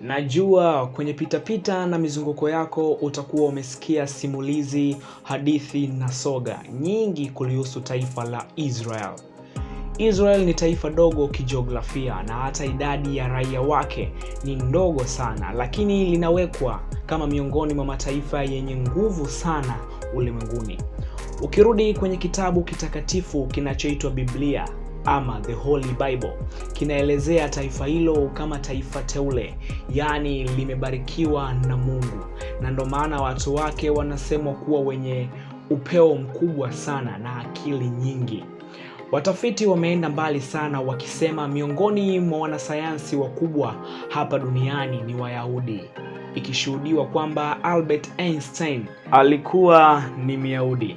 Najua kwenye pitapita pita na mizunguko yako utakuwa umesikia simulizi, hadithi na soga nyingi kulihusu taifa la Israel. Israel ni taifa dogo kijiografia na hata idadi ya raia wake ni ndogo sana, lakini linawekwa kama miongoni mwa mataifa yenye nguvu sana ulimwenguni. Ukirudi kwenye kitabu kitakatifu kinachoitwa Biblia ama the Holy Bible kinaelezea taifa hilo kama taifa teule, yaani limebarikiwa na Mungu, na ndo maana watu wake wanasemwa kuwa wenye upeo mkubwa sana na akili nyingi. Watafiti wameenda mbali sana wakisema miongoni mwa wanasayansi wakubwa hapa duniani ni Wayahudi, ikishuhudiwa kwamba Albert Einstein alikuwa ni Myahudi.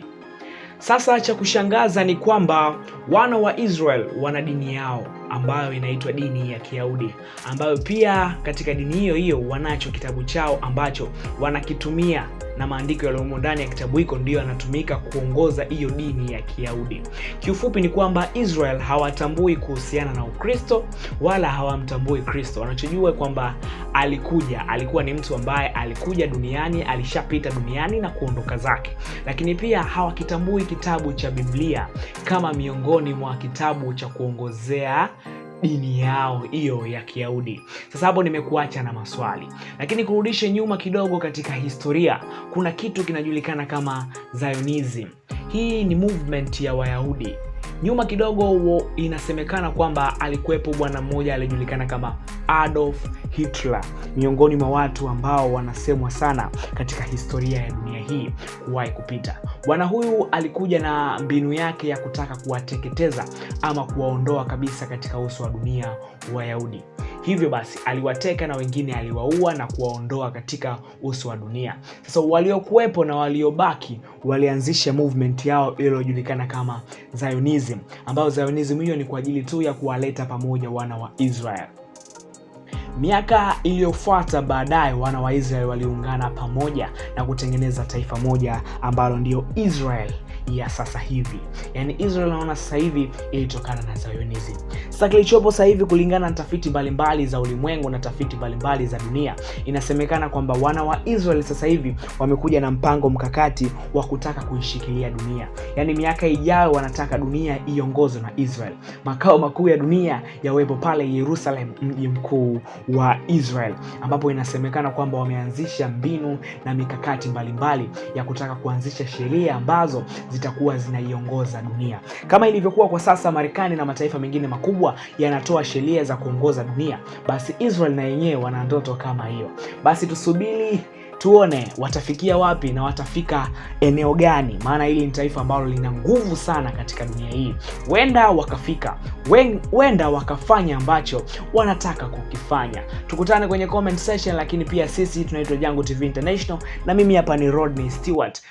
Sasa cha kushangaza ni kwamba wana wa Israel wana dini yao ambayo inaitwa dini ya Kiyahudi, ambayo pia katika dini hiyo hiyo wanacho kitabu chao ambacho wanakitumia na maandiko yaliyomo ndani ya kitabu hiko ndiyo yanatumika kuongoza hiyo dini ya Kiyahudi. Kiufupi ni kwamba Israel hawatambui kuhusiana na Ukristo wala hawamtambui Kristo. Wanachojua kwamba alikuja, alikuwa ni mtu ambaye alikuja duniani, alishapita duniani na kuondoka zake, lakini pia hawakitambui kitabu cha Biblia kama miongoni mwa kitabu cha kuongozea dini yao hiyo ya Kiyahudi. Sasa hapo nimekuacha na maswali, lakini kurudishe nyuma kidogo katika historia, kuna kitu kinajulikana kama Zionism. Hii ni movement ya Wayahudi. Nyuma kidogo, inasemekana kwamba alikuwepo bwana mmoja aliyejulikana kama Adolf Hitler, miongoni mwa watu ambao wanasemwa sana katika historia ya dunia hii kuwahi kupita. Bwana huyu alikuja na mbinu yake ya kutaka kuwateketeza ama kuwaondoa kabisa katika uso wa dunia Wayahudi. Hivyo basi aliwateka na wengine aliwaua na kuwaondoa katika uso wa dunia. Sasa waliokuwepo na waliobaki walianzisha movement yao iliyojulikana kama Zionism, ambayo Zionism hiyo ni kwa ajili tu ya kuwaleta pamoja wana wa Israel. Miaka iliyofuata baadaye, wana wa Israeli waliungana pamoja na kutengeneza taifa moja ambalo ndio Israeli ya sasa hivi. Yani Israel naona sasa hivi ilitokana na Zionism. Sasa kilichopo sasa hivi, kulingana na tafiti mbalimbali za ulimwengu na tafiti mbalimbali za dunia, inasemekana kwamba wana wa Israel sasa hivi wamekuja na mpango mkakati wa kutaka kuishikilia dunia. Yani miaka ijayo wanataka dunia iongozwe na Israel, makao makuu ya dunia yawepo pale Yerusalem, mji mkuu wa Israel, ambapo inasemekana kwamba wameanzisha mbinu na mikakati mbalimbali mbali ya kutaka kuanzisha sheria ambazo zitakuwa zinaiongoza dunia kama ilivyokuwa kwa sasa. Marekani na mataifa mengine makubwa yanatoa sheria za kuongoza dunia, basi Israel na yenyewe wana ndoto kama hiyo. Basi tusubiri tuone watafikia wapi na watafika eneo gani, maana hili ni taifa ambalo lina nguvu sana katika dunia hii. wenda wakafika, huenda wakafanya ambacho wanataka kukifanya. Tukutane kwenye comment section, lakini pia sisi tunaitwa Jungle TV International na mimi hapa ni Rodney Stewart.